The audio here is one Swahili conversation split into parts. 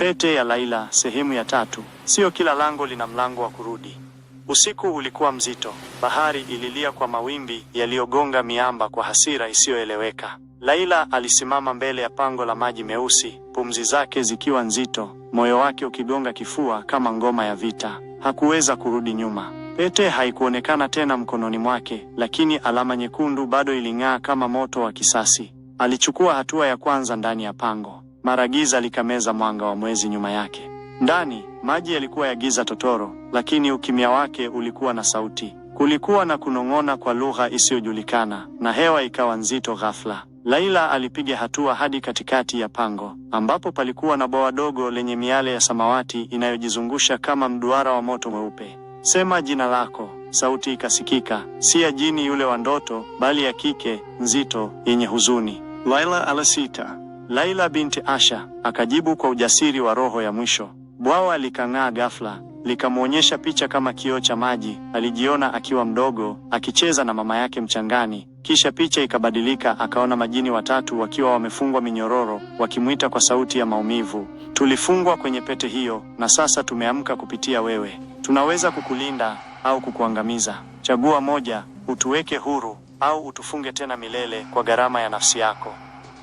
Pete ya Laila sehemu ya tatu. Sio kila lango lina mlango wa kurudi. Usiku ulikuwa mzito, bahari ililia kwa mawimbi yaliyogonga miamba kwa hasira isiyoeleweka. Laila alisimama mbele ya pango la maji meusi, pumzi zake zikiwa nzito, moyo wake ukigonga kifua kama ngoma ya vita. Hakuweza kurudi nyuma. Pete haikuonekana tena mkononi mwake, lakini alama nyekundu bado iling'aa kama moto wa kisasi. Alichukua hatua ya kwanza ndani ya pango mara giza likameza mwanga wa mwezi nyuma yake. Ndani maji yalikuwa ya giza totoro, lakini ukimya wake ulikuwa na sauti. Kulikuwa na kunong'ona kwa lugha isiyojulikana, na hewa ikawa nzito ghafla. Laila alipiga hatua hadi katikati ya pango ambapo palikuwa na bwawa dogo lenye miale ya samawati inayojizungusha kama mduara wa moto mweupe. Sema jina lako, sauti ikasikika, si ya jini yule wa ndoto, bali ya kike nzito yenye huzuni. Laila alisita. Laila binti Asha akajibu kwa ujasiri wa roho ya mwisho. Bwawa likang'aa ghafla, likamwonyesha picha kama kioo cha maji. Alijiona akiwa mdogo akicheza na mama yake mchangani, kisha picha ikabadilika, akaona majini watatu wakiwa wamefungwa minyororo, wakimwita kwa sauti ya maumivu, tulifungwa kwenye pete hiyo na sasa tumeamka kupitia wewe. Tunaweza kukulinda au kukuangamiza, chagua moja, utuweke huru au utufunge tena milele kwa gharama ya nafsi yako.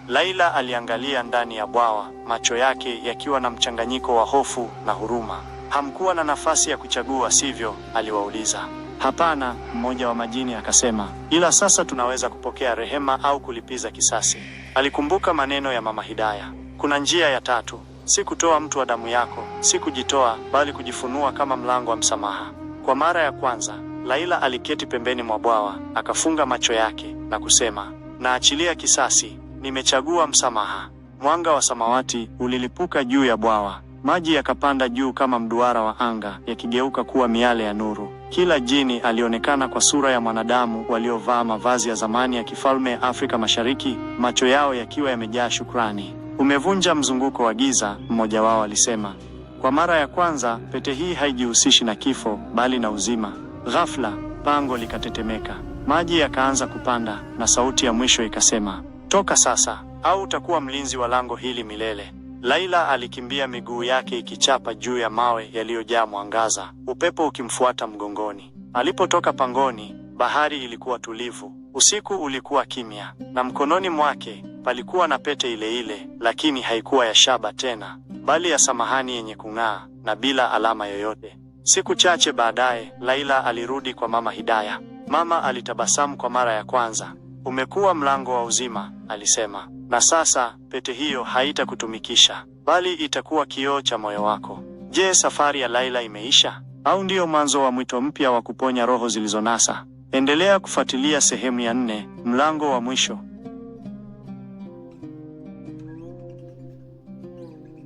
Laila aliangalia ndani ya bwawa, macho yake yakiwa na mchanganyiko wa hofu na huruma. Hamkuwa na nafasi ya kuchagua, sivyo? aliwauliza. Hapana, mmoja wa majini akasema, ila sasa tunaweza kupokea rehema au kulipiza kisasi. Alikumbuka maneno ya Mama Hidaya, kuna njia ya tatu, si kutoa mtu wa damu yako, si kujitoa, bali kujifunua kama mlango wa msamaha. Kwa mara ya kwanza, Laila aliketi pembeni mwa bwawa, akafunga macho yake na kusema, naachilia kisasi Nimechagua msamaha. Mwanga wa samawati ulilipuka juu ya bwawa, maji yakapanda juu kama mduara wa anga, yakigeuka kuwa miale ya nuru. Kila jini alionekana kwa sura ya mwanadamu, waliovaa mavazi ya zamani ya kifalme ya Afrika Mashariki, macho yao yakiwa yamejaa shukrani. Umevunja mzunguko wa giza, mmoja wao alisema. Kwa mara ya kwanza, pete hii haijihusishi na kifo, bali na uzima. Ghafla pango likatetemeka, maji yakaanza kupanda, na sauti ya mwisho ikasema Toka sasa, au utakuwa mlinzi wa lango hili milele. Laila alikimbia, miguu yake ikichapa juu ya mawe yaliyojaa mwangaza, upepo ukimfuata mgongoni. Alipotoka pangoni, bahari ilikuwa tulivu, usiku ulikuwa kimya, na mkononi mwake palikuwa na pete ile ile, lakini haikuwa ya shaba tena, bali ya samahani yenye kung'aa na bila alama yoyote. Siku chache baadaye, Laila alirudi kwa Mama Hidaya. Mama alitabasamu kwa mara ya kwanza. Umekuwa mlango wa uzima, alisema, na sasa pete hiyo haitakutumikisha bali itakuwa kioo cha moyo wako. Je, safari ya Laila imeisha au ndiyo mwanzo wa mwito mpya wa kuponya roho zilizonasa? Endelea kufuatilia sehemu ya nne, mlango wa mwisho.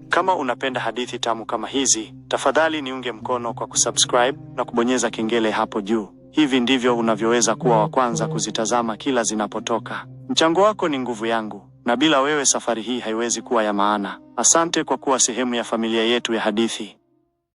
Kama unapenda hadithi tamu kama hizi, tafadhali niunge mkono kwa kusubscribe na kubonyeza kengele hapo juu. Hivi ndivyo unavyoweza kuwa wa kwanza kuzitazama kila zinapotoka. Mchango wako ni nguvu yangu, na bila wewe safari hii haiwezi kuwa ya maana. Asante kwa kuwa sehemu ya familia yetu ya hadithi.